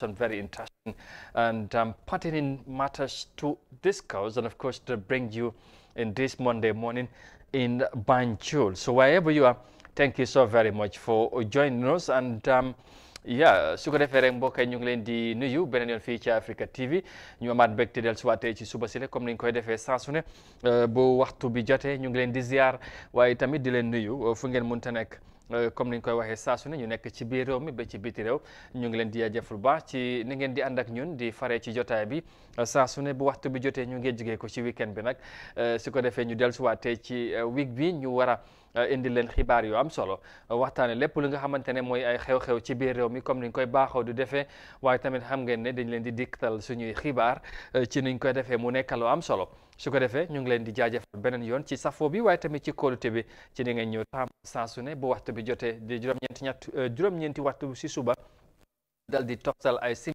and very interesting and um, pertinent matters to discuss and of course to bring you in this Monday morning in Banjul. So wherever you are, thank you so very much for joining us and um, yeah su ko defee rek mbokk yi ñu ngi leen di nuyu beneen ci Africa TV ñu amaat mbégte del suwaatee ci suba si la comme ni ñu koy defee saa uh, bu waxtu bi jotee ñu ngi leen di ziar waaye tamit di leen nuyu uh, fu ngeen mënta Euh, comme ni ñu koy waxee saa su ne ñu nekk ci biir réew mi ba ci biti réew ñu ngi leen di jaajëfal baax ci ni ngeen di ànd ak ñun di faree ci jotaay bi euh, saa su ne bu waxtu bi jotee ñu ngi jigee ko ci weekend bi nag euh, su ko defee ñu dellusiwaatee ci week bi ñu war a indi leen xibaar yu am solo waxtaane lépp li nga xamante ne mooy ay xew-xew ci biir réew mi comme ni niñ koy baaxoo du defee waaye tamit xam ngeen ne dañ leen di diktal suñuy xibaar ci niñ koy defee mu nekk lu am solo su ko defee ñu ngi leen di jaajëfal beneen yoon ci safo bi waaye tamit ci kóolute bi ci ni ngeen ñëw taxam saa su ne bu waxtu bi jotee di juróom-ñeenti ñett euh, juróom-ñeenti waxtu si suba dal di toftal ay sim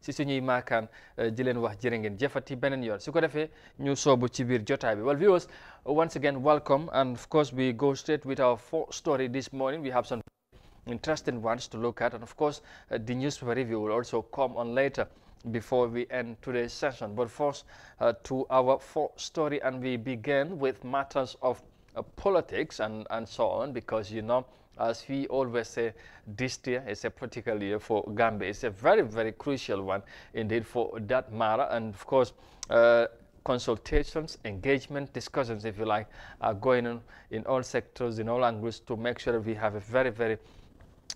si suñuy maakaan euh, di leen wax jërë ngeen jëfati beneen yoon su ko defee ñu soobu ci biir jotaay bi well viewers once again welcome and of course we go straight with our story this morning we have some interesting ones to look at and of course uh, the newspaper review will also come on later before we end today's session. But first, uh, to our story, and we begin with matters of uh, politics and, and so on, because, you know, as we always say, this year is a political year for Gambia. It's a very, very crucial one indeed for that matter. And of course, uh, consultations, engagement, discussions, if you like, are going on in all sectors, in all angles to make sure that we have a very, very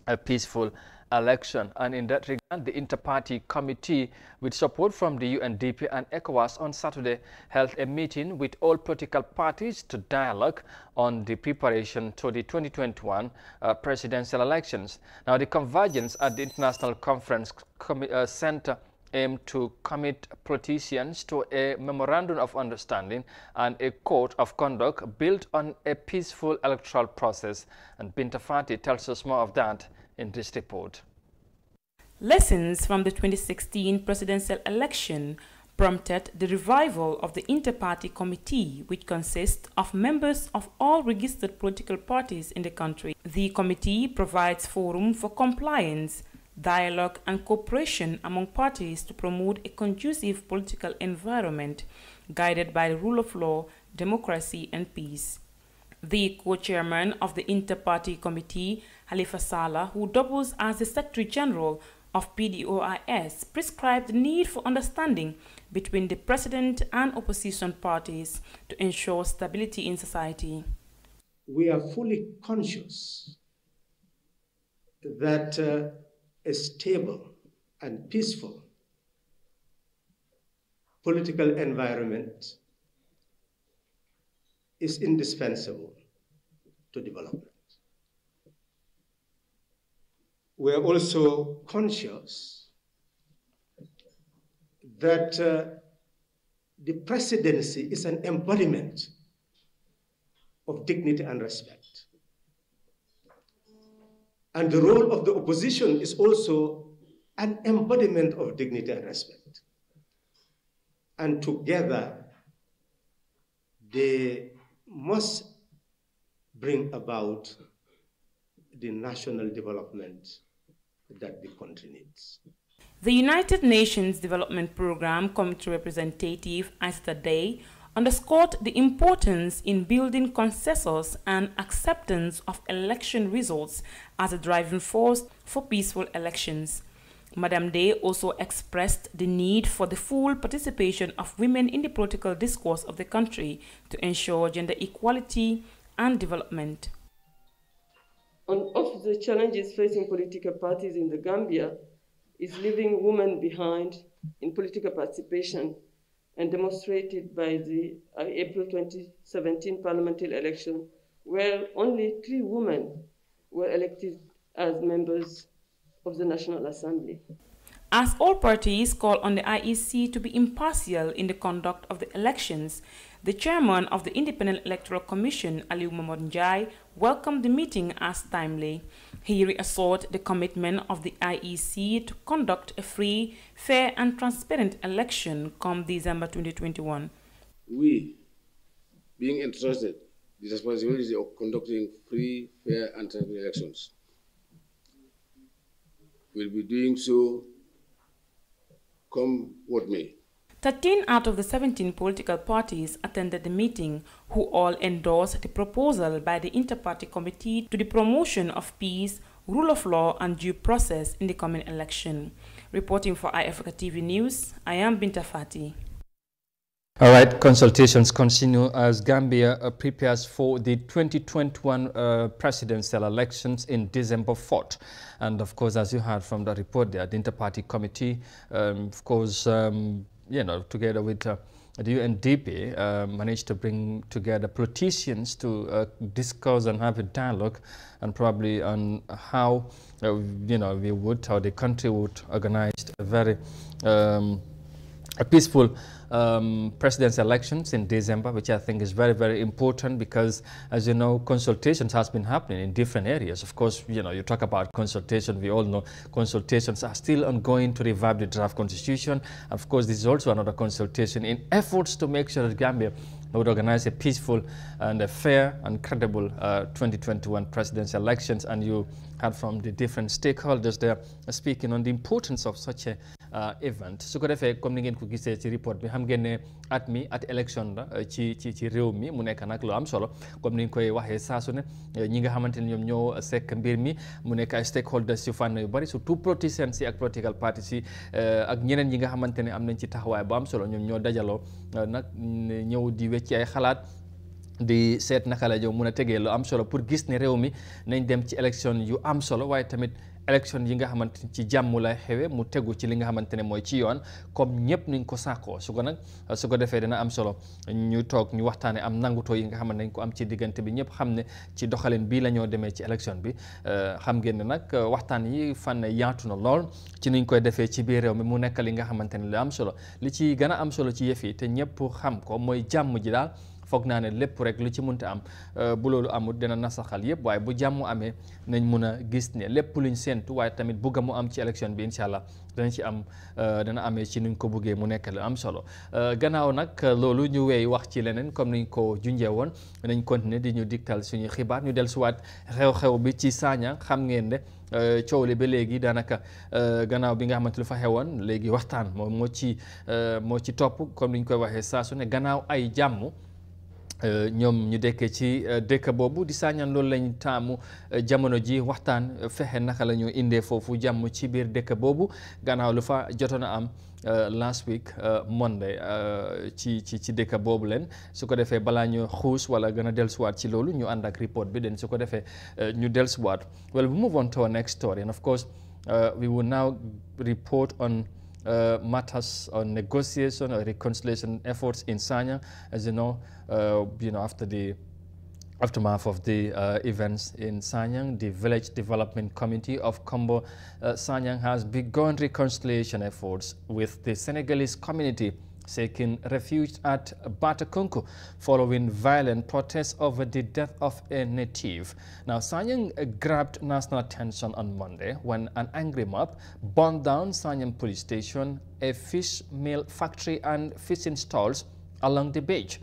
uh, peaceful election. And in that regard, the Inter-Party Committee, with support from the UNDP and ECOWAS on Saturday, held a meeting with all political parties to dialogue on the preparation to the 2021 uh, presidential elections. Now, the convergence at the International Conference Com uh, Center aim to commit politicians to a memorandum of understanding and a code of conduct built on a peaceful electoral process. And Binta Fati tells us more of that in this report. Lessons from the 2016 presidential election prompted the revival of the inter-party Committee, which consists of members of all registered political parties in the country. The committee provides forum for compliance, dialogue and cooperation among parties to promote a conducive political environment guided by the rule of law, democracy and peace the co-chairman of the inter-party committee, Halifa Saleh, who doubles as the Secretary General of PDOIS, prescribed the need for understanding between the president and opposition parties to ensure stability in society. We are fully conscious that uh, a stable and peaceful political environment is indispensable to development. We are also conscious that uh, the presidency is an embodiment of dignity and respect. And the role of the opposition is also an embodiment of dignity and respect. And together, they must bring about the national development that the country needs. The United Nations Development Programme Committee representative Asta Day underscored the importance in building consensus and acceptance of election results as a driving force for peaceful elections. Madame Day also expressed the need for the full participation of women in the political discourse of the country to ensure gender equality and development. One of the challenges facing political parties in the Gambia is leaving women behind in political participation and demonstrated by the uh, April 2017 parliamentary election, where only three women were elected as members of the National Assembly. As all parties call on the IEC to be impartial in the conduct of the elections, the chairman of the Independent Electoral Commission, Aliu Mamodjai, welcomed the meeting as timely. He reassured the commitment of the IEC to conduct a free, fair and transparent election come December 2021. We, being entrusted the responsibility of conducting free, fair and transparent elections, will be doing so come what may. 13 out of the 17 political parties attended the meeting, who all endorsed the proposal by the Inter-Party Committee to the promotion of peace, rule of law, and due process in the coming election. Reporting for iAfrica TV News, I am Binta Fati. All right, consultations continue as Gambia uh, prepares for the 2021 uh, presidential elections in December 4th. And of course, as you heard from the report there, the Inter-Party Committee, um, of course, um, you know, together with uh, the UNDP uh, um, managed to bring together politicians to uh, discuss and have a dialogue and probably on how, uh, you know, we would, how the country would organize a very um, a peaceful um, elections in December, which I think is very, very important because, as you know, consultations has been happening in different areas. Of course, you know, you talk about consultation. We all know consultations are still ongoing to revive the draft constitution. Of course, this is also another consultation in efforts to make sure that Gambia would organize a peaceful and a fair and credible uh, 2021 presidential elections. And you heard from the different stakeholders there speaking on the importance of such a Euh, event su ko defee comme ni ngeen ko gisee ci report bi xam ngeen ne at mi at élection la euh, ci ci ci réew mi mu nekk nag lu am solo comme ni nga koy waxee saasu ne euh, ñi nga xamante ne ñoom ñoo sekk mbir mi mu nekk ay stakeholders yu fànn yu bari surtout politiciens si ak political parties yi ak ñeneen ñi nga xamante ne am nañ ci taxawaay bu am solo ñoom ñoo dajaloo nag ñëw di wecci ay xalaat di seet naka la jow mun a tegee lu am solo pour gis ne réew mi nañ dem ci élection yu am solo waaye tamit élection yi nga xamante ci jàmm lay xewe mu tegu ci li nga xamante ne mooy ci yoon comme ñëpp nuñ ko sàkkoo su ko nag su ko defee dina am solo ñu toog ñu waxtaane am nangutoo yi nga xam ne dañ ko am ci diggante bi ñëpp xam ne ci doxalin bii la demee ci élection bi euh, xam ngeen ne nag waxtaan yi fànn yaatu na lool ci niñ koy defee ci biir réew mi mu nekk li nga xamante ne lu am solo li ci gën a am solo ci yëf yi te ñëpp xam ko mooy jàmm ji daal foog naa ne lépp rek lu ci munta am euh, bu loolu amul dina nasaxal yëpp waaye bu jàmm amee nañ mun a gis ne lépp luñ séentu waaye tamit bugga mu am ci élection bi incha allah dana ci am euh, dana amee ci nuñ ko buggee mu nekk lu am solo euh, gannaaw nag loolu ñu wéy wax ci leneen comme ni niñ ko junjee woon nañ continuer di ñu dikkal suñu xibaar ñu dellusiwaat xew-xew bi ci Saaña xam ngeen ne coow li ba léegi daanaka gannaaw bi nga xamante lu fa xewoon léegi waxtaan moom moo ci moo ci topp comme ni ñu koy waxee saa su ne ay jàmm Euh, ñoom ñu dekkee ci euh, dëkk boobu di saañaan loolu lañ taamu euh, jamono ji waxtaan fexe naka la ñu indee foofu jàmm ci biir dëkk boobu gannaaw lu fa jotoon a am last week Monday ci ci ci dëkk boobu leen su ko defee balaa ñu xuus wala gën a dellusiwaat ci loolu ñu ànd ak report bi den su ko defee ñu dellusiwaat well we move on to our next story and of course we will now report on uh, matters on negotiation or reconciliation efforts in Sanya, as you know, uh, you know after the aftermath of the uh, events in Sanyang, the Village Development Committee of Combo uh, Sanyang has begun reconciliation efforts with the Senegalese community seeking refuge at Batakunku following violent protests over the death of a native. Now, Sanyang grabbed national attention on Monday when an angry mob burned down Sanyang police station, a fish meal factory and fishing stalls along the beach.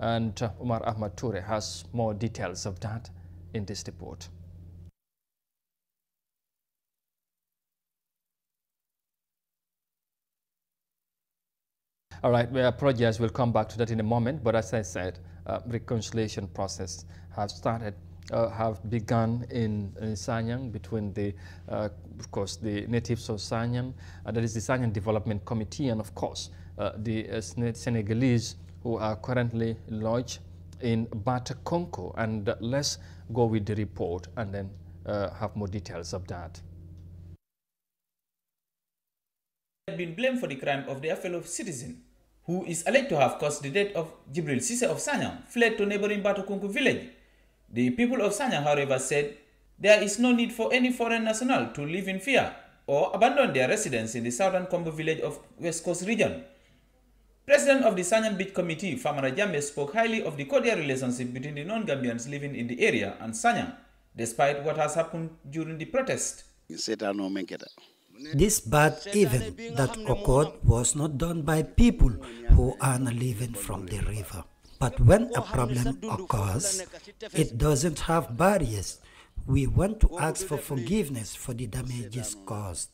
And Umar Ahmad Toure has more details of that in this report. All right, we uh, apologize. We'll come back to that in a moment. But as I said, uh, reconciliation process have started, uh, have begun in, in Sanyang between the, uh, of course, the natives of Sanyang, that is the Sanyang Development Committee, and of course, uh, the uh, Senegalese who are currently lodged in Batakonko. And let's go with the report and then have more details of that. Have been blamed for the crime of their fellow citizen who is alleged to have caused the death of Jibril Sise of Sanyang, fled to neighboring Batokungu village. The people of Sanyang, however, said there is no need for any foreign national to live in fear or abandon their residence in the southern Kombo village of West Coast region. President of the Sanyang Beach Committee, Famara Jambe, spoke highly of the cordial relationship between the non-Gambians living in the area and Sanyang, despite what has happened during the protest. This bad event that occurred was not done by people who earn a living from the river. But when a problem occurs, it doesn't have barriers. We want to ask for forgiveness for the damages caused.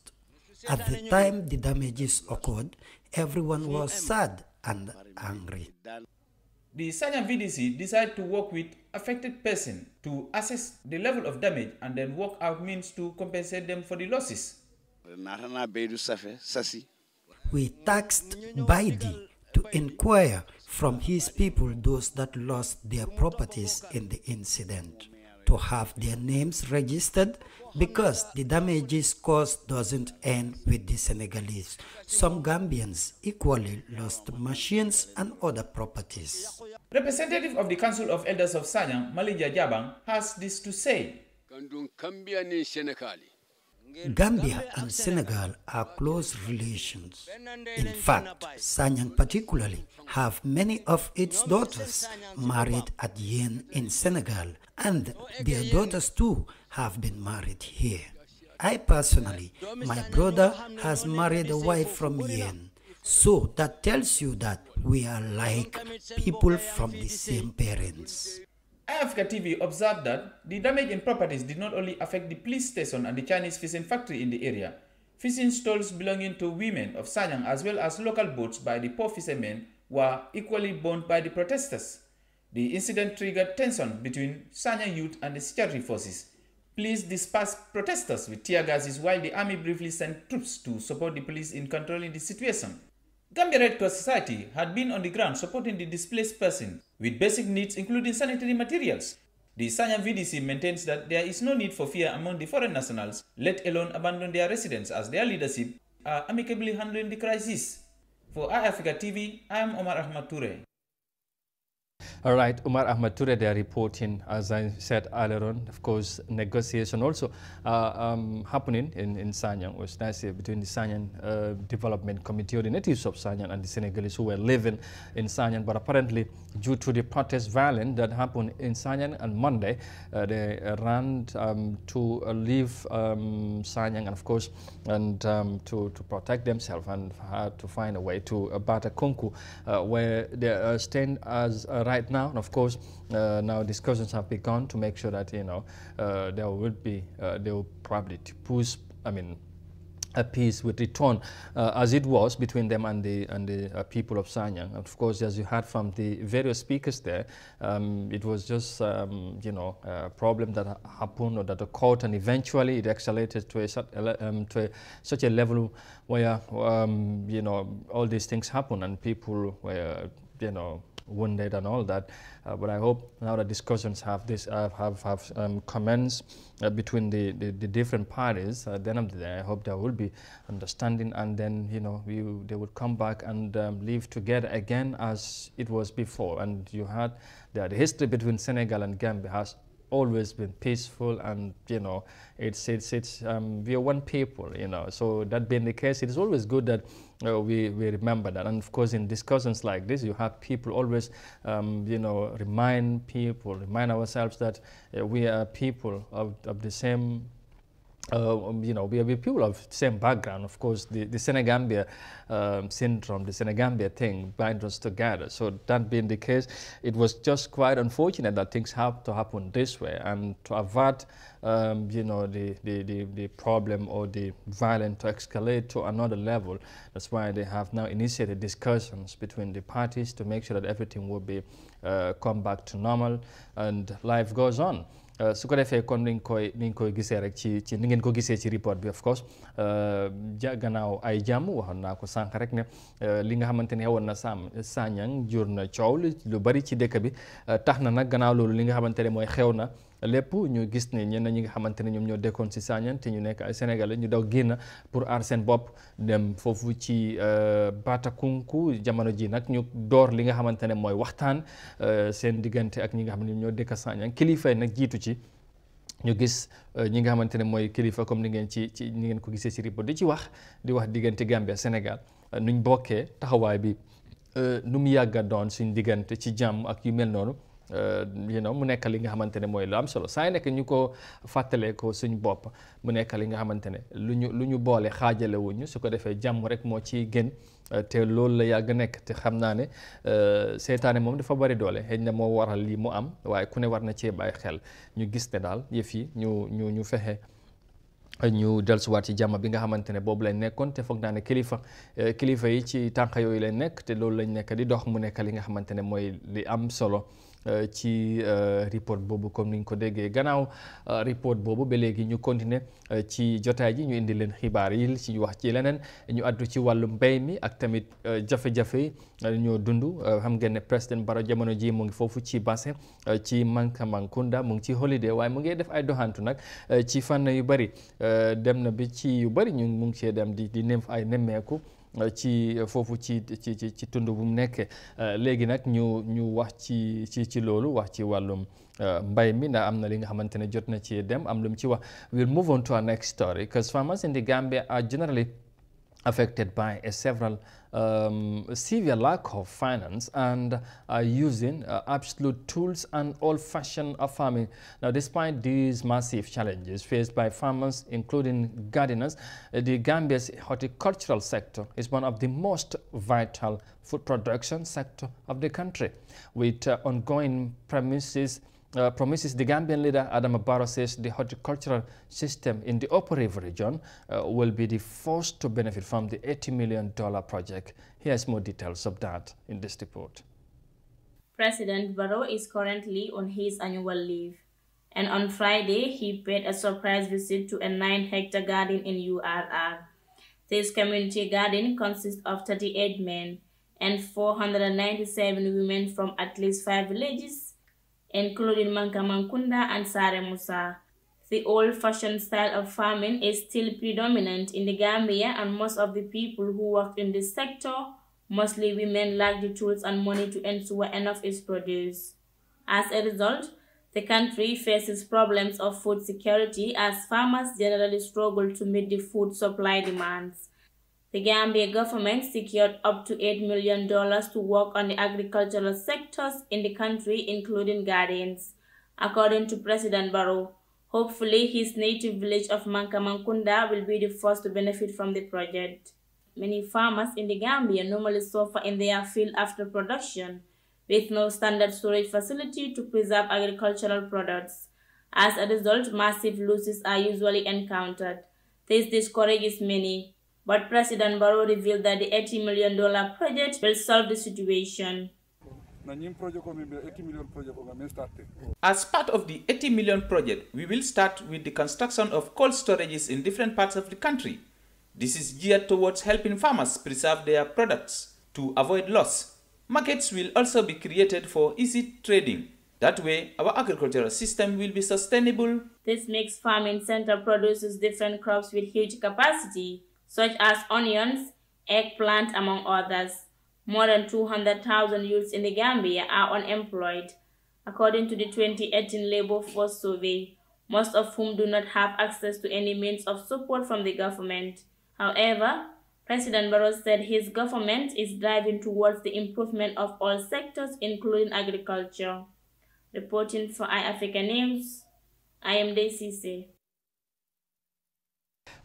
At the time the damages occurred, everyone was sad and angry. The Sanya VDC decided to work with affected person to assess the level of damage and then work out means to compensate them for the losses. We taxed Baidi to inquire from his people those that lost their properties in the incident, to have their names registered because the damages caused doesn't end with the Senegalese. Some Gambians equally lost machines and other properties. Representative of the Council of Elders of Sanyang, Malinja Jabang, has this to say. Gambia and Senegal are close relations. In fact, Sanyang particularly have many of its daughters married at Yen in Senegal and their daughters too have been married here. I personally, my brother has married a wife from Yen. So that tells you that we are like people from the same parents. Africa TV observed that the damage in properties did not only affect the police station and the Chinese fishing factory in the area. Fishing stalls belonging to women of Sanyang as well as local boats by the poor fishermen were equally burned by the protesters. The incident triggered tension between Sanyang youth and the security forces. Police dispersed protesters with tear gases while the army briefly sent troops to support the police in controlling the situation. Gambia Red Cross Society had been on the ground supporting the displaced persons with basic needs including sanitary materials. The Sanya VDC maintains that there is no need for fear among the foreign nationals, let alone abandon their residence as their leadership are amicably handling the crisis. For iAfrica TV, I am Omar Ahmad Toure. All right, Umar Ahmad Ture, they are reporting, as I said earlier on, of course, negotiation also uh, um, happening in, in Sanyan, was nice between the Sanyang uh, Development Committee or the natives of Sanyang and the Senegalese who were living in Sanyang. But apparently, due to the protest violence that happened in Sanyang on Monday, uh, they ran um, to leave um, and of course, and um, to, to protect themselves and had to find a way to uh, Bata Kunku, where they uh, stand as right now. And of course, uh, now discussions have begun to make sure that, you know, uh, there will be, uh, they will probably push, I mean, a peace would return uh, as it was between them and the and the uh, people of Sanyang. of course, as you heard from the various speakers there, um, it was just um, you know a problem that happened or that occurred, and eventually it escalated to a, um, to a, such a level where um, you know all these things happen and people were you know wounded and all that. Uh, but I hope now that discussions have this uh, have have um, commenced uh, between the, the, the different parties. At the end of the day, I hope there will be understanding, and then you know we they would come back and um, live together again as it was before. And you had the, the history between Senegal and Gambia has always been peaceful and you know it's it's it's um, we are one people you know so that being the case it is always good that uh, we, we remember that and of course in discussions like this you have people always um, you know remind people remind ourselves that uh, we are people of, of the same uh, um, you know, we are people of same background. Of course, the, the Senegambia um, syndrome, the Senegambia thing binds us together. So that being the case, it was just quite unfortunate that things have to happen this way. And to avert, um, you know, the, the, the, the, problem or the violence to escalate to another level, that's why they have now initiated discussions between the parties to make sure that everything will be uh, come back to normal and life goes on. Euh, su ko defee kon ni ñu koy ni ñu koy gisee rek ci ci ni ngeen ko gisee ci report bi of course euh, ja gannaaw ay jàmm waxoon naa ko sànq rek ne euh, li nga xamante ne xewoon na sàmm saañang jur na coow lu bari ci dëkk bi tax na nag gannaaw loolu li nga xamante ne mooy xew na lépp ñu gis ne ñenn ñi nga xamante ne ñoom ñoo dekkoon si saañan te ñu nekk ay sénégalais ñu daw génn pour aar seen bopp dem foofu ci euh, Batakunku jamono ji nag ñu door li nga xamante ne mooy waxtaan euh, seen diggante ak ñi nga xam ne ñoo dëkk saañan kilifa yi nag jiitu ci ñu gis euh, ñi nga xamante ne mooy kilifa comme ni ngeen ci ci ni ngeen ko gisee si ripo di ci wax di wax diggante Gambia Sénégal nuñ bokkee taxawaay bi nu mu yàgga doon suñ diggante ci jàmm ak yu mel noonu Euh, you know mu nekk li nga xamante ne mooy lu am solo saa yu nekk ñu ko fàttalee ko suñ bopp mu nekk li nga xamante ne lu ñu lu ñu boole xaajale wuñu su ko defee jàmm rek moo ciy gën euh, te loolu la yàgg nekk te xam naa ne euh, seytaane moom dafa bari doole xëy na moo waral lii mu am waaye ku ne war na cee bàyyi xel ñu gis ne daal yëf yi ñu ñu ñu fexe. ñu dellusiwaat ci jàmm bi nga xamante ne boobu lañ nekkoon te foog naa ne kilifa kilifa yi ci tànk yooyu lañ nekk te loolu lañ nekk di dox mu nekk li nga xamante ne mooy li am solo. Euh, ci euh, report boobu comme ni nga ko déggee gannaaw euh, report boobu ba léegi ñu continuer ci jotaay ji ñu indi leen xibaar yi ci wax ci leneen ñu addu ci wàllu mbay mi ak tamit jafe-jafe ñoo dund xam ngeen ne président bara jamono ji mu ngi foofu ci Basse ci Mankamakunda mu ngi ci holiday waaye mu ngee def ay doxantu nag ci fànn yu bari dem na bi ci yu bari ñu mu ngi cee dem di di nemf ay nemmeeku. ci foofu ci ci ci tund bu mu nekkee euh, léegi nag ñu ñu wax ci ci ci loolu wax ci wàllum euh, mbay mi ndax am na li nga xamante ne jot na ci dem am lu mu ci wax we'll move on to our next story because farmers in the Gambia are generally affected by a several um, severe lack of finance and using uh, absolute tools and old-fashioned farming. Now, despite these massive challenges faced by farmers, including gardeners, uh, the Gambia's horticultural sector is one of the most vital food production sector of the country, with uh, ongoing premises uh, promises the Gambian leader Adam Barrow says the horticultural system in the Upper River region uh, will be the first to benefit from the $80 million project. Here's more details of that in this report. President Barrow is currently on his annual leave. And on Friday, he paid a surprise visit to a 9-hectare garden in URR. This community garden consists of 38 men and 497 women from at least five villages including Mankamankunda and Musa. The old-fashioned style of farming is still predominant in the Gambia and most of the people who work in this sector, mostly women, lack the tools and money to ensure enough is produced. As a result, the country faces problems of food security as farmers generally struggle to meet the food supply demands. The Gambia government secured up to $8 million to work on the agricultural sectors in the country, including gardens, according to President Barrow. Hopefully, his native village of Mankamankunda will be the first to benefit from the project. Many farmers in the Gambia normally suffer in their field after production, with no standard storage facility to preserve agricultural products. As a result, massive losses are usually encountered. This discourages many. But President Barrow revealed that the $80 million project will solve the situation. As part of the 80 million project, we will start with the construction of cold storages in different parts of the country. This is geared towards helping farmers preserve their products to avoid loss. Markets will also be created for easy trading. That way, our agricultural system will be sustainable. This makes farming center produces different crops with huge capacity such as onions, eggplant, among others. More than 200,000 youths in the Gambia are unemployed, according to the 2018 Labor Force Survey, most of whom do not have access to any means of support from the government. However, President Barrow said his government is driving towards the improvement of all sectors, including agriculture. Reporting for iAfrica News, I am Daisy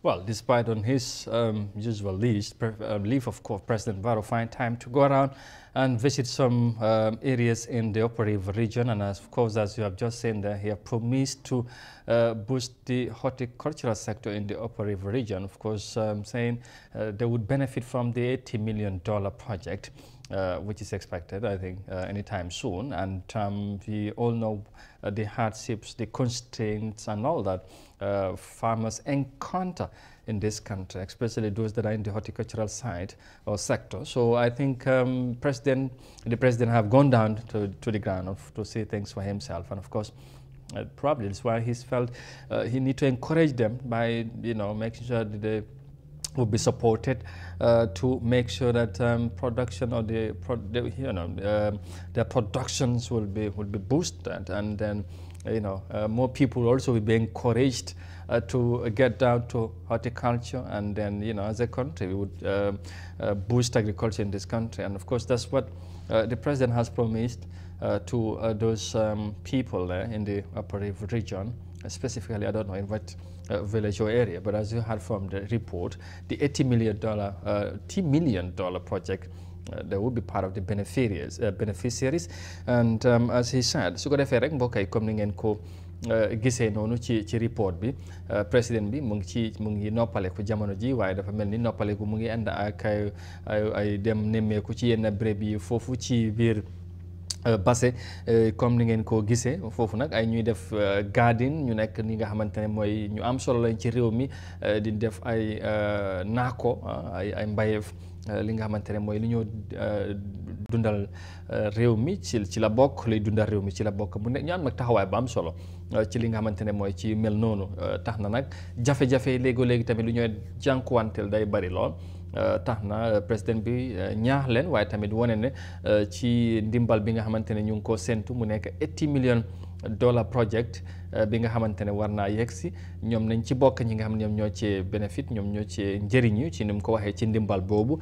well, despite on his um, usual list, uh, leave, of course, President Barrow find time to go around and visit some um, areas in the Upper River region. And as, of course, as you have just seen there, he has promised to uh, boost the horticultural sector in the Upper River region. Of course, um, saying uh, they would benefit from the $80 million project. Uh, which is expected, I think, uh, anytime soon. And um, we all know uh, the hardships, the constraints, and all that uh, farmers encounter in this country, especially those that are in the horticultural side or sector. So I think um, president, the president have gone down to, to the ground of, to see things for himself. And of course, uh, probably that's why he felt uh, he need to encourage them by, you know, making sure that they will be supported uh, to make sure that um, production or the, pro the you know um, their productions will be will be boosted and then you know uh, more people also will be encouraged uh, to get down to horticulture and then, you know, as a country, we would uh, uh, boost agriculture in this country. And of course, that's what uh, the president has promised uh, to uh, those um, people in the upper region. Specifically, I don't know in what village or area, but as you heard from the report, the $80 million, $10 million project uh, they will be part of the beneficiaries, uh, beneficiaries. and um, as he said su ko defee rek ko Euh, gisee noonu ci ci report bi euh, président bi mu ngi ci mu ngi noppaleku jamono ji waaye dafa mel ni noppaleku mu ngi ànd ak ay dem nemmeeku ci yenn béréb yi foofu ci biir. Basse euh, euh, comme ni ngeen ko gisee foofu nag ay ñuy def euh, garden ñu nekk ni nga xamante ne mooy ñu am solo lañ ci réew mi di def ay naa ko ah, ay mbayeef li nga xamante ne mooy li ñoo dundal réew mi ci ci la bokk luy dundal réew mi ci la bokk bu ne ñu am nag taxawaay ba am solo ci li nga xamante ne mooy ci mel noonu tax na nag jafe-jafe léegoo léegi tamit lu ñooy jànkuwanteel day bari lool. Euh, tax na euh, président bi euh, ñaax leen waaye tamit wane ne ci ndimbal bi nga xamante ne ñu ngi ko séntu mu nekk 80 million dollar project bi nga xamante ne war naa yegg si ñoom nañ ci bokk ñi nga xam ne ñoom ñoo cee bénéfice ñoom ñoo cee njëriñu ci ni mu ko waxee ci ndimbal boobu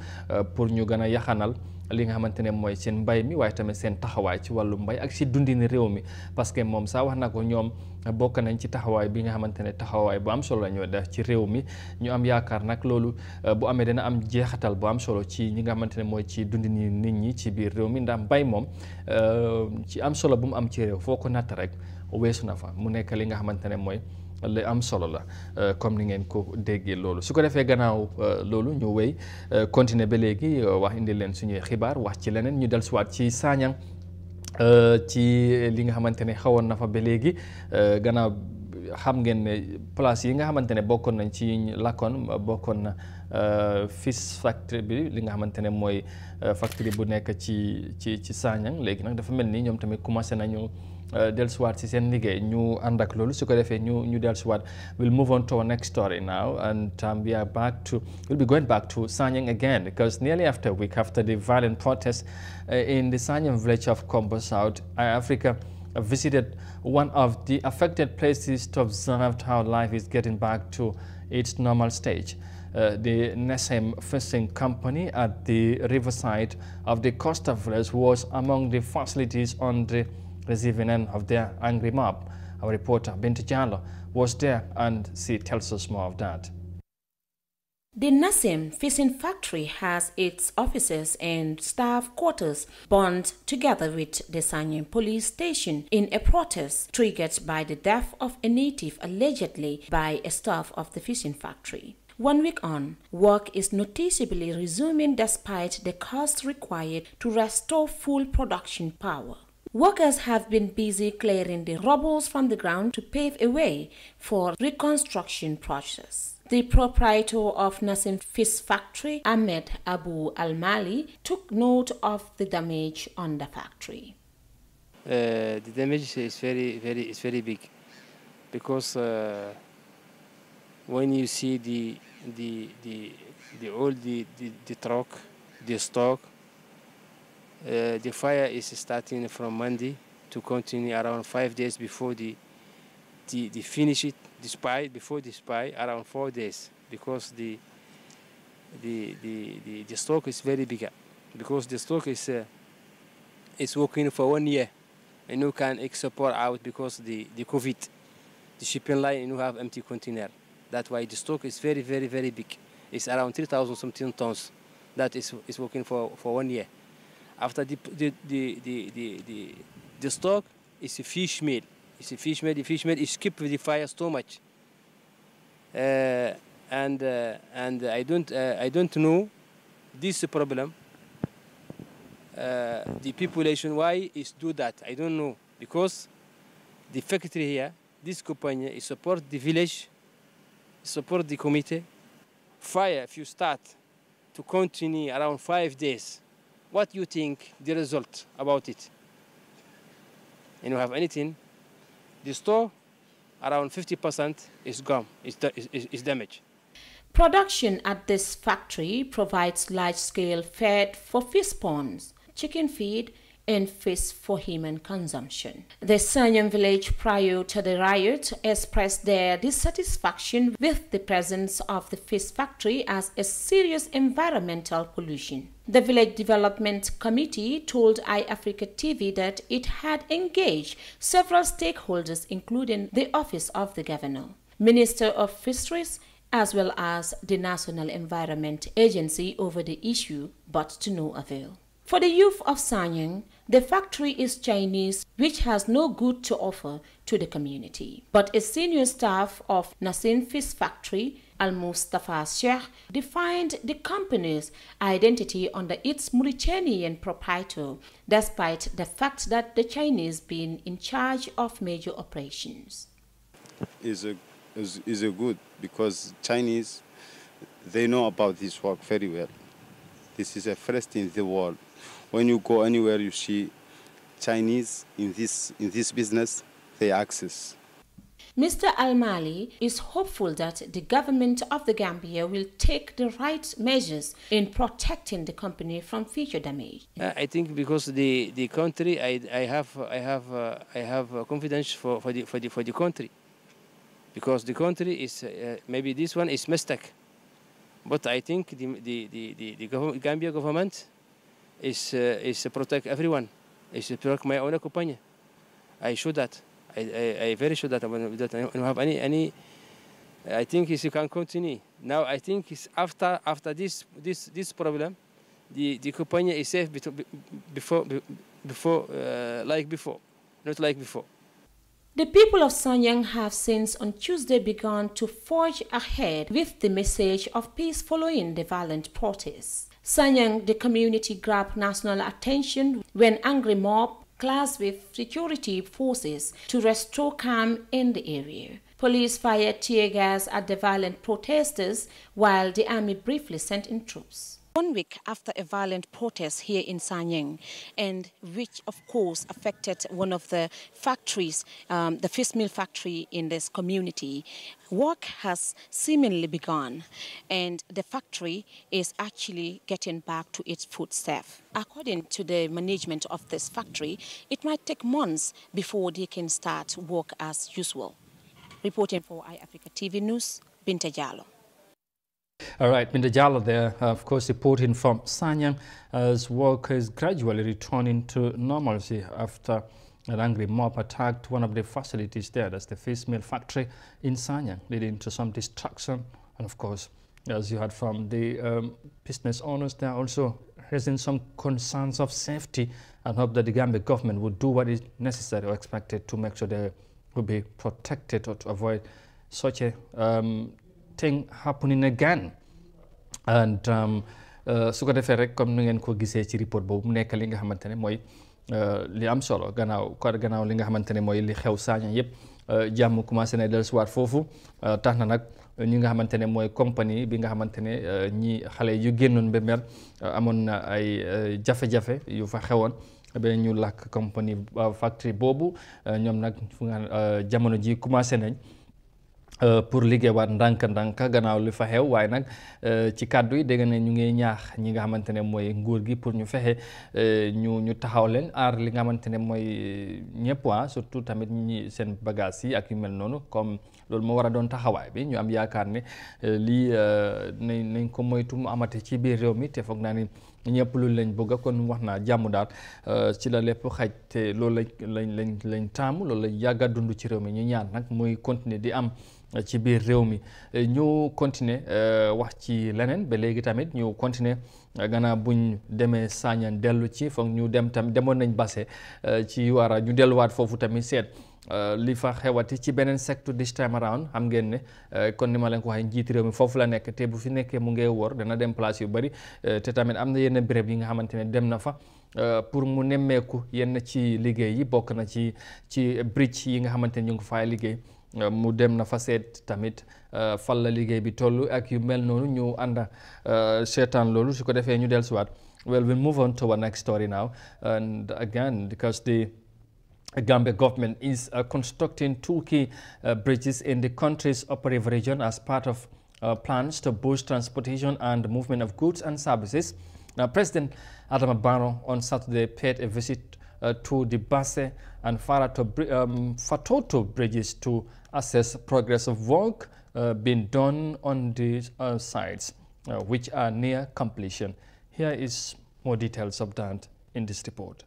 pour ñu gën a yaxanal li nga xamante ne mooy seen mbay mi waaye tamit seen taxawaay ci wàllu mbay ak si dundi dundini réew mi parce que moom saa wax na ko ñoom. bokk nañ ci taxawaay bi nga xamante ne taxawaay bu am solo la ñu def ci réew mi ñu am yaakaar nag loolu euh, bu amee dina am jeexatal bu am solo ci ñi nga xamante ne mooy ci nii nit ñi ci biir réew mi ndax mbay moom euh, ci am solo bu mu am ci réew natt rek weesu na fa mu nekk li nga xamante ne mooy li am solo la euh, comme ni ngeen ko déggee loolu su ko defee gannaaw loolu ñu wéy continuer ba léegi wax indi leen suñuy xibaar wax ci leneen ñu dellusiwaat ci Sanyang. Euh, ci li nga xamante ne xawoon na fa ba léegi euh, gannaaw xam ngeen ne place yi nga xamante ne bokkoon nañ ci lakkoon bokkoon na euh, fis factory bi li nga xamante ne mooy factory bu nekk ci ci ci Sanyang léegi nag dafa mel nii ñoom tamit commencé nañu. Euh, dellusiwaat si seen liggéey ñu ànd ak loolu su ko defee ñu ñu we'll move on to our next story now and we are back to we'll be going back to Sanyang again because nearly after a week after the violent protests uh, in the Sanyang village of Kombo South uh, Africa uh, visited one of the affected places to observe how life is getting back to its normal stage. Uh, the Nesem Fishing Company at the riverside of the Costa Village was among the facilities on the receiving end of their angry mob. Our reporter Binti Jallo was there and she tells us more of that. The Nassim Fishing Factory has its offices and staff quarters bonded together with the Sanyin police station in a protest triggered by the death of a native allegedly by a staff of the fishing factory. One week on, work is noticeably resuming despite the cost required to restore full production power. Workers have been busy clearing the rubbles from the ground to pave a way for reconstruction process. The proprietor of Nassim Fish Factory, Ahmed Abu Al Mali, took note of the damage on the factory. Uh, the damage is very, very, it's very big, because uh, when you see the the the, the all the, the the truck, the stock, uh, the fire is starting from Monday to continue around five days before the, the, the finish it, the spy, before the spy, around four days because the, the, the, the, the stock is very bigger because the stock is, uh, is working for one year and you can export out because the, the COVID, the shipping line, you have empty container. That's why the stock is very, very, very big. It's around 3,000 something tons that is, is working for, for one year. After the, the, the, the, the, the, stock, is a fish meal. It's a fish meal. The fish meal is kept with the fire so much. Uh, and uh, and I don't uh, I don't know this problem. Uh, the population why is do that I don't know because the factory here this company it support the village, support the committee. Fire if you start to continue around five days what you think the result about it. And you have anything, the store around 50% is gone, is, is, is damaged. Production at this factory provides large-scale fed for fish ponds, chicken feed, and fish for human consumption. The Sanyan village prior to the riot expressed their dissatisfaction with the presence of the fish factory as a serious environmental pollution. The Village Development Committee told iAfrica TV that it had engaged several stakeholders, including the Office of the Governor, Minister of Fisheries, as well as the National Environment Agency over the issue, but to no avail. For the youth of Sanyang, the factory is Chinese, which has no good to offer to the community. But a senior staff of Nasin Fish Factory Al Mustafa Sheikh defined the company's identity under its Mauritanian proprietor, despite the fact that the Chinese been in charge of major operations. Is a is, is a good because Chinese they know about this work very well. This is a first in the world. When you go anywhere, you see Chinese in this in this business. They access Mr. Almali is hopeful that the government of the Gambia will take the right measures in protecting the company from future damage. Uh, I think because the, the country, I, I have, I have, uh, I have uh, confidence for, for, the, for, the, for the country. Because the country is, uh, maybe this one is mistake. But I think the, the, the, the, the Gambia government is, uh, is protect everyone. Is protect my own company. I show that. I, I, I very sure that I will that I don't have any any. I think you can continue. Now I think it's after after this this this problem, the the company is safe before before uh, like before, not like before. The people of Sanyang have since on Tuesday begun to forge ahead with the message of peace following the violent protests. Sanyang, the community, grabbed national attention when angry mob Clashed with security forces to restore calm in the area. Police fired tear gas at the violent protesters while the army briefly sent in troops. One week after a violent protest here in Sanyang, and which of course affected one of the factories, um, the fish meal factory in this community, work has seemingly begun, and the factory is actually getting back to its food staff. According to the management of this factory, it might take months before they can start work as usual. Reporting for iAfrica TV News, Binta Jalo. All Minda Jala there, uh, of course, reporting from Sanyang as work is gradually returning to normalcy after an angry mob attacked one of the facilities there, that's the face mill factory in Sanyang, leading to some destruction. And of course, as you heard from the um, business owners, they are also raising some concerns of safety and hope that the Gambia government will do what is necessary or expected to make sure they will be protected or to avoid such a um, thing happening again and um, uh, su ko defee rek comme nu ngeen ko gisee ci report boobu mu nekk li nga xamante ne mooy uh, li am solo gannaaw kor gannaaw li nga xamante ne mooy li xew saaña yëpp uh, jàmm commencé na dellusiwaat foofu tax na nag ñi nga xamante ne mooy compagnie bi nga xamante ne ñi xale yu génnoon ba mer amoon na ay jafe-jafe yu fa xewoon ba ñu làkk compagnie factory boobu ñoom nag fu nga jamono ji commencé nañ Euh, pour liggéeyaat ndànk-ndànk gannaaw lu fa xew waaye nag euh, ci kàddu yi dégg ne ñu ngi ñaax ñi nga xamante ne mooy nguur gi pour ñu fexe euh, ñu ñu taxaw leen aar li nga xamante ne mooy ñëpp ah surtout tamit ñi seen bagages yi ak yu mel noonu comme loolu moo war a doon taxawaay bi ñu am yaakaar ne lii nañ nañ ko moytu mu amate ci biir réew mi te foog naa nit ñëpp lu lañ bëgg kon wax naa jàmm daal euh, ci la lépp xaj te loolu lañ lañ lañ lañ taamu loolu lañ yàgga dund ci réew mi ñu ñaan nag muy continuer di am ci biir réew mi ñu continuer euh, wax ci leneen ba léegi tamit ñu continuer euh, gannaaw buñ demee Sañan dellu ci foog ñu dem tam demoon nañ Basse ci waara ñu delluwaat foofu tamit seet. Euh, li fa xewati ci beneen secteur this time around xam ngeen ne euh, kon ni ma leen ko waxee njiit mi foofu la nekk te bu fi nekkee mu ngi wor dana dem place yu bëri euh, te tamit am na yenn béréb yi nga xamante ne dem na fa pour mu nemmeeku yenn ci liggéey yi bokk na ci ci bridge yi nga xamante ne ñu ngi fay liggéey mu dem na fa seet tamit fal la liggéey bi toll ak yu mel noonu ñu ànda seetaan loolu su ko defee ñu dellusiwaat well we move on to our next story now Gambia government is uh, constructing two key uh, bridges in the country's upper river region as part of uh, plans to boost transportation and movement of goods and services. Now, President Adam Barrow on Saturday paid a visit uh, to the Basse and Farato, um, Fatoto bridges to assess progress of work uh, being done on these uh, sites, which are near completion. Here is more details of that in this report.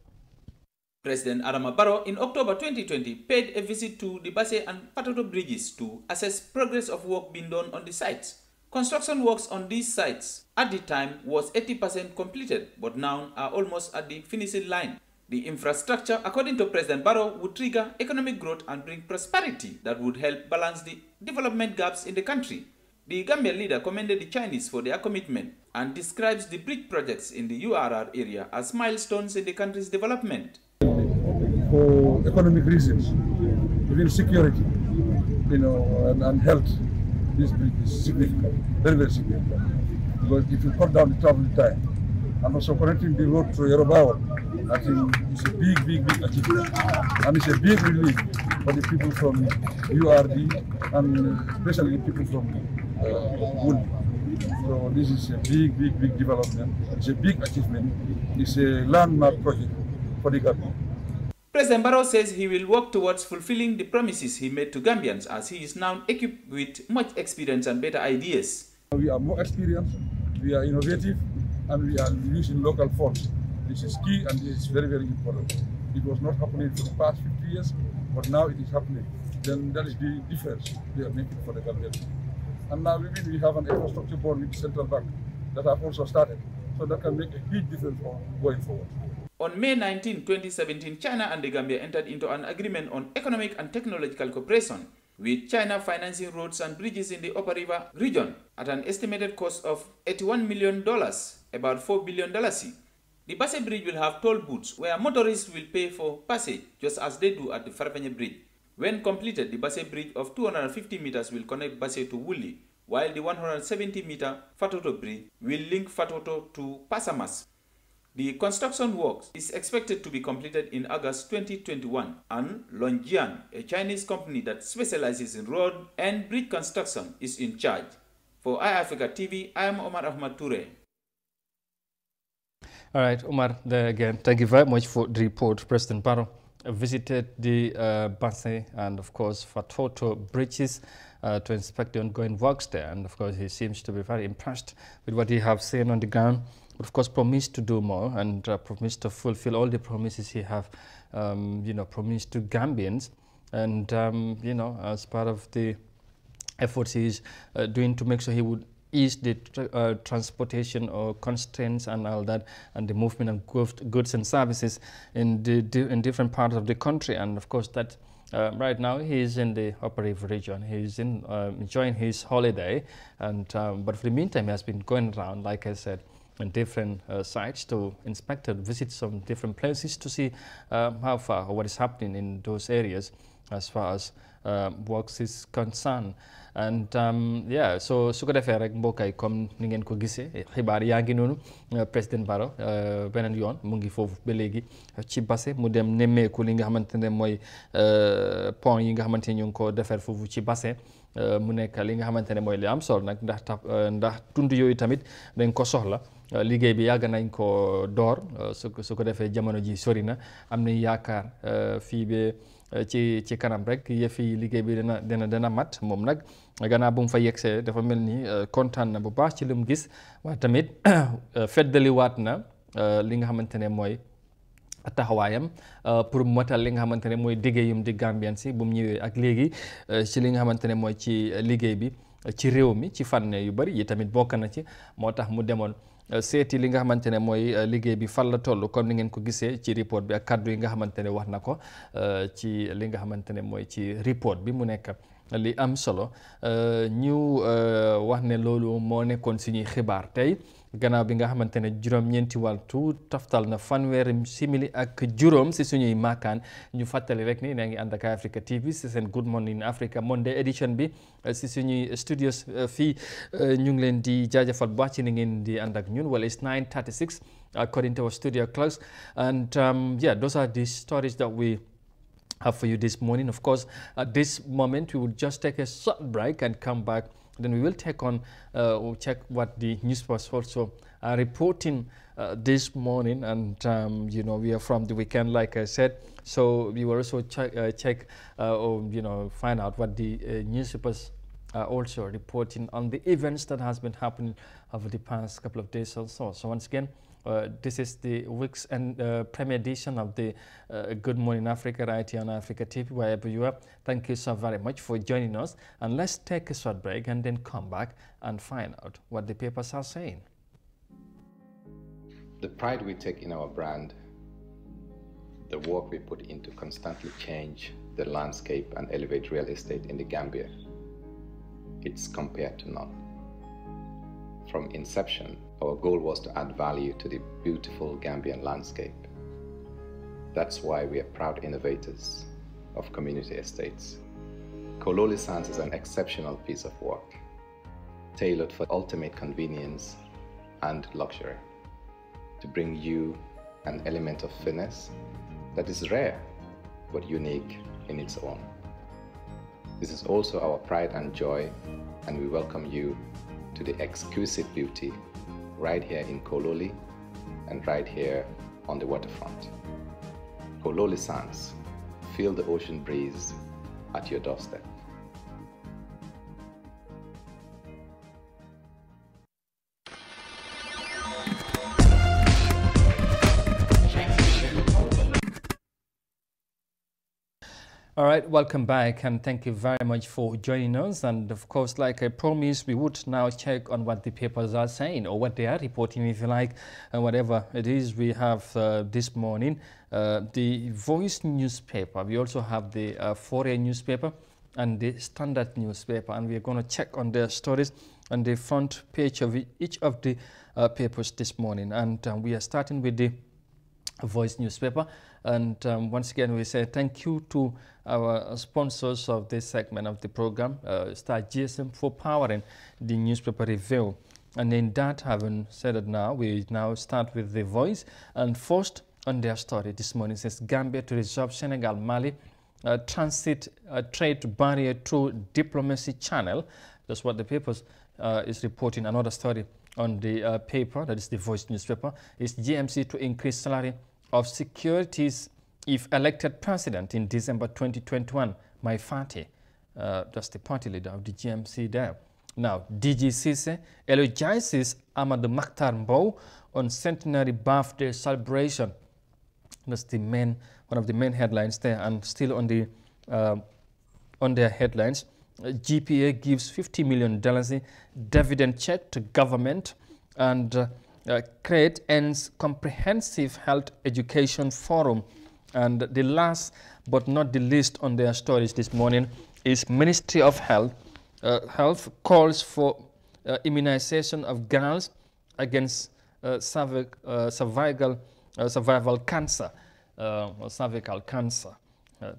President Adama Barrow in October 2020 paid a visit to the Basse and Patoto bridges to assess progress of work being done on the sites. Construction works on these sites at the time was 80% completed but now are almost at the finishing line. The infrastructure, according to President Barrow, would trigger economic growth and bring prosperity that would help balance the development gaps in the country. The Gambian leader commended the Chinese for their commitment and describes the bridge projects in the URR area as milestones in the country's development for economic reasons, even security, you know, and, and health. This bridge is significant, very, very significant. Because if you cut down the travel time, and also connecting the road to Yorubawa, I think it's a big, big, big achievement. And it's a big relief for the people from URD and especially the people from uh, So this is a big, big, big development. It's a big achievement. It's a landmark project for the government. President Barrow says he will work towards fulfilling the promises he made to Gambians as he is now equipped with much experience and better ideas. We are more experienced, we are innovative, and we are using local funds, This is key and this is very, very important. It was not happening for the past 50 years, but now it is happening. Then that is the difference we are making for the Gambians. And now we have an infrastructure board with the central bank that have also started, so that can make a huge difference going forward. On May 19, 2017, China and the Gambia entered into an agreement on economic and technological cooperation, with China financing roads and bridges in the Upper River region at an estimated cost of $81 million, about $4 billion. The Basse Bridge will have toll booths where motorists will pay for passage, just as they do at the Farfenye Bridge. When completed, the Basse Bridge of 250 meters will connect Basse to Wuli, while the 170-meter Fatoto Bridge will link Fatoto to Pasamas. The construction works is expected to be completed in August 2021 and Longjian, a Chinese company that specializes in road and bridge construction, is in charge. For iAfrica TV, I am Omar Ahmad Toure. All right, Omar, there again. Thank you very much for the report, President Barrow visited the uh, and, of course, Fatoto bridges uh, to inspect the ongoing works there. And, of course, he seems to be very impressed with what he has seen on the ground of course promised to do more and uh, promised to fulfill all the promises he have um, you know promised to Gambians and um, you know as part of the efforts he is uh, doing to make sure he would ease the tra uh, transportation or constraints and all that and the movement of goods and services in the di in different parts of the country and of course that uh, right now he is in the operative region. He's in, uh, enjoying his holiday, and um, but for the meantime, he has been going around, like I said, and different uh, sites to inspect and visit some different places to see uh, how far what is happening in those areas as far as uh, works is concerned and um, yeah so su ko defee rek ningen kugise. comme ni ngeen ko uh, président Barrow uh, beneen yoon mu ngi foofu ba léegi ci Basse mu dem nemmeeku li nga xamante ne mooy pont yi nga xamante ñu ko defar foofu ci Basse mu nekk li nga xamante ne li am solo nag ndax ndax tund yooyu tamit dañ ko soxla. liggéey bi yàgg nañ ko door su su ko defee jamono ji sori na am nañ yaakaar fii ba ci ci kanam rek yëf yi liggéey bi dina dina dina mat moom nag gannaa bu mu fa yegsee dafa mel ni kontaan na bu baax ci li mu gis waaye tamit feddaliwaat na li nga xamante ne mooy taxawaayam pour motal li nga xamante ne mooy diggéeyum di Gambien si bu mu ñëwee ak léegi ci li nga xamante ne mooy ci liggéey bi ci réew mi ci fànn yu bari yi tamit bokk na ci moo tax mu demoon. seeti li nga xamante ne mooy euh, liggéey bi fan la toll comme ni ngeen ko gisee ci report bi ak kàddu yi nga xamante ne wax na ko euh, ci li nga xamante ne mooy ci ripot bi mu nekk li am solo euh, ñu wax ne loolu moo nekkoon suñuy xibaar tey. gannaaw bi nga xamante ne juróom-ñeenti waxtu taftal na fanweeri simili ak juróom si suñuy maakaan ñu fàttali rek ni na ngi ànd Africa TV si seen Good Morning Africa Monday edition bi si suñuy studios eh, fi eh, ñu ngi leen di jaajëfal bu baax ci ni ngeen di ànd ñun wala it's 9:36 according to our studio clocks and um, yeah those are the stories that we have for you this morning of course at this moment we will just take a short break and come back then we will take on uh, we'll check what the newspapers also are uh, reporting uh, this morning and um, you know we are from the weekend like I said so we will also check, uh, check uh, or you know find out what the uh, newspapers are also reporting on the events that has been happening over the past couple of days or so so once again uh, this is the weeks and uh, premier edition of the uh, Good Morning Africa right here on Africa TV, wherever you are. Thank you so very much for joining us. And let's take a short break and then come back and find out what the papers are saying. The pride we take in our brand, the work we put into constantly change the landscape and elevate real estate in the Gambia, it's compared to none. From inception, our goal was to add value to the beautiful Gambian landscape. That's why we are proud innovators of community estates. Kololi Sands is an exceptional piece of work, tailored for ultimate convenience and luxury, to bring you an element of finesse that is rare but unique in its own. This is also our pride and joy, and we welcome you to the exquisite beauty right here in Kololi and right here on the waterfront. Kololi Sands, feel the ocean breeze at your doorstep. All right, welcome back and thank you very much for joining us. And of course, like I promised, we would now check on what the papers are saying or what they are reporting, if you like, and whatever it is we have uh, this morning. Uh, the Voice newspaper, we also have the uh, Foreign newspaper and the Standard newspaper, and we're going to check on their stories on the front page of each of the uh, papers this morning. And uh, we are starting with the Voice newspaper. And um, once again, we say thank you to our sponsors of this segment of the program, uh, Star GSM, for powering the newspaper review. And in that, having said it now, we now start with The Voice. And first on their story this morning says Gambia to resolve Senegal Mali uh, transit uh, trade barrier through diplomacy channel. That's what the paper uh, is reporting. Another story on the uh, paper, that is The Voice newspaper, is GMC to increase salary of Securities if elected president in December 2021, my party, uh, that's the party leader of the GMC there. Now, DGCC eulogizes Ahmad Makhtar Bow on centenary birthday celebration. That's the main, one of the main headlines there, and still on the uh, on their headlines. GPA gives $50 million dividend check to government, and uh, uh, create a comprehensive health education forum. And the last but not the least on their stories this morning is Ministry of Health. Uh, health calls for uh, immunization of girls against uh, cervic, uh, cervical, survival uh, cancer, or cervical cancer.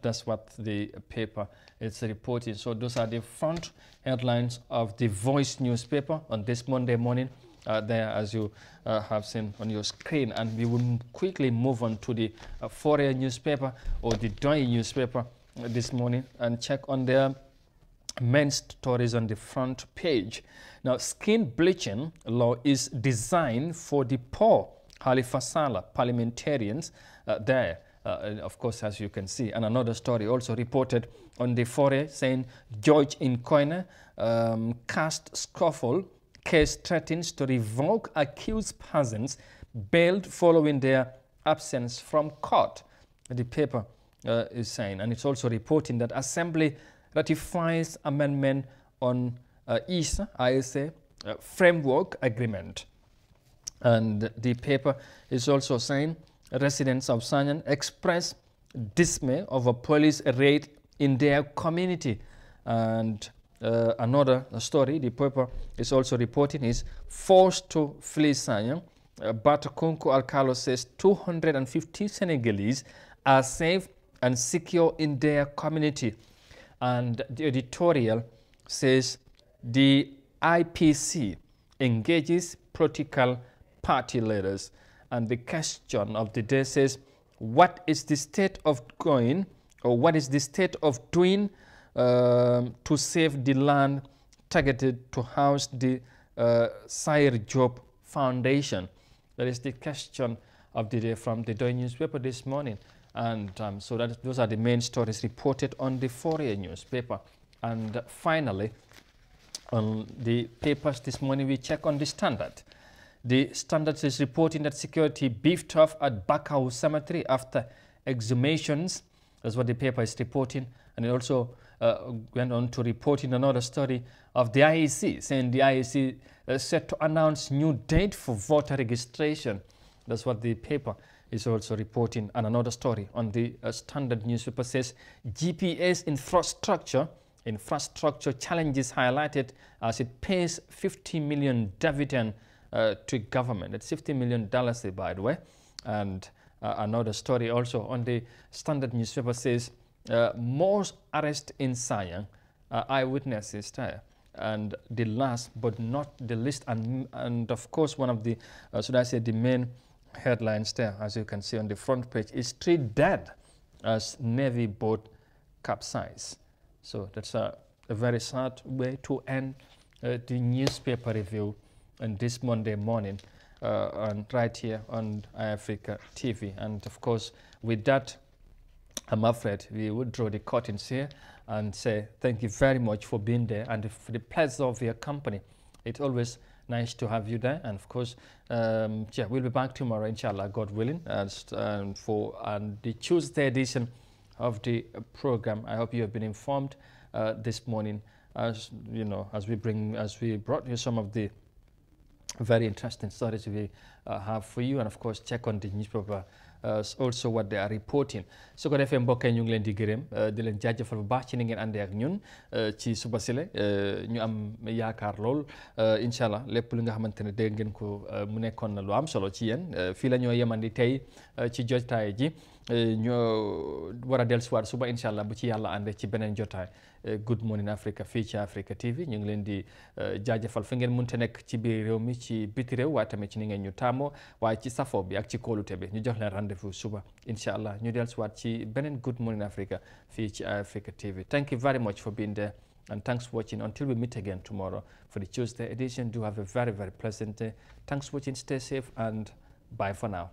that's what the paper is reporting. So those are the front headlines of the Voice newspaper on this Monday morning uh, there as you uh, have seen on your screen. And we will quickly move on to the uh, newspaper or the Doi newspaper uh, this morning and check on their main stories on the front page. Now, skin bleaching law is designed for the poor Halifasala, parliamentarians uh, there. Uh, of course, as you can see. And another story also reported on the foray saying George Incoiner um, cast scuffle case threatens to revoke accused persons bailed following their absence from court, the paper uh, is saying. And it's also reporting that Assembly ratifies amendment on uh, ISA, ISA uh, framework agreement. And the paper is also saying residents of Sanyan express dismay over police raid in their community and uh, another story, the paper is also reporting is forced to flee Sanyang. Uh, but Kunku Alcalo says 250 Senegalese are safe and secure in their community. And the editorial says the IPC engages political party leaders. And the question of the day says, what is the state of going or what is the state of doing um, to save the land targeted to house the uh, Sire Job Foundation. That is the question of the day from the Deutsche newspaper this morning. And um, so that, those are the main stories reported on the Fourier newspaper. And finally, on the papers this morning, we check on the Standard. The Standard is reporting that security beefed up at Bakau Cemetery after exhumations. That's what the paper is reporting. And it also uh, went on to report in another study of the IEC, saying the IEC uh, set to announce new date for voter registration. That's what the paper is also reporting. And another story on the uh, standard newspaper says GPS infrastructure infrastructure challenges highlighted as it pays 50 million dividend uh, to government. That's 50 million dollars, by the way. And uh, another story also on the standard newspaper says uh, most arrests in Siam uh, eyewitnesses there. Uh, and the last but not the least, and, and of course, one of the, should I say, the main headlines there, as you can see on the front page, is three dead as Navy boat capsize. So that's a, a, very sad way to end uh, the newspaper review on this Monday morning uh, right here on Africa TV. And of course, with that, I'm afraid we would draw the curtains here and say thank you very much for being there and for the pleasure of your company. It's always nice to have you there. And of course, um, yeah, we'll be back tomorrow, inshallah, God willing, and, um, for and the Tuesday edition of the program. I hope you have been informed uh, this morning, as you know, as we bring, as we brought you some of the very interesting stories we uh, have for you, and of course, check on the newspaper. Uh, also what they are reporting su ko defee mbokk ñu ngi leen di gërëm uh, di leen jaajëfal bu baax ci ni ngeen àndee ak ñun uh, ci suba si sile ñu am yaakaar lool incha allah lépp li nga xamante ne dégg ngeen ko mu nekkoon na lu am solo ci yéen fii la ñoo yemandi tey ci jotaay ji ñoo war a dellusiwaat suba incha bu ci yàlla àndee ci beneen jotaay. Eh, Good Morning Africa fii ci Africa TV ñu ngi leen di eh, jaajëfal fa ngeen mënte nekk ci biir réew mi ci biti réew waaye tamit ci ni ngeen ñu taamoo waaye ci safoo bi ak ci kóolute bi ñu jox leen rendez-vous suba incha allah ñu dellusiwaat ci beneen Good Morning Africa fii ci Africa TV thank you very much for being there and thanks for watching until we meet again tomorrow for the Tuesday edition do have a very very pleasant day thanks for watching stay safe and bye for now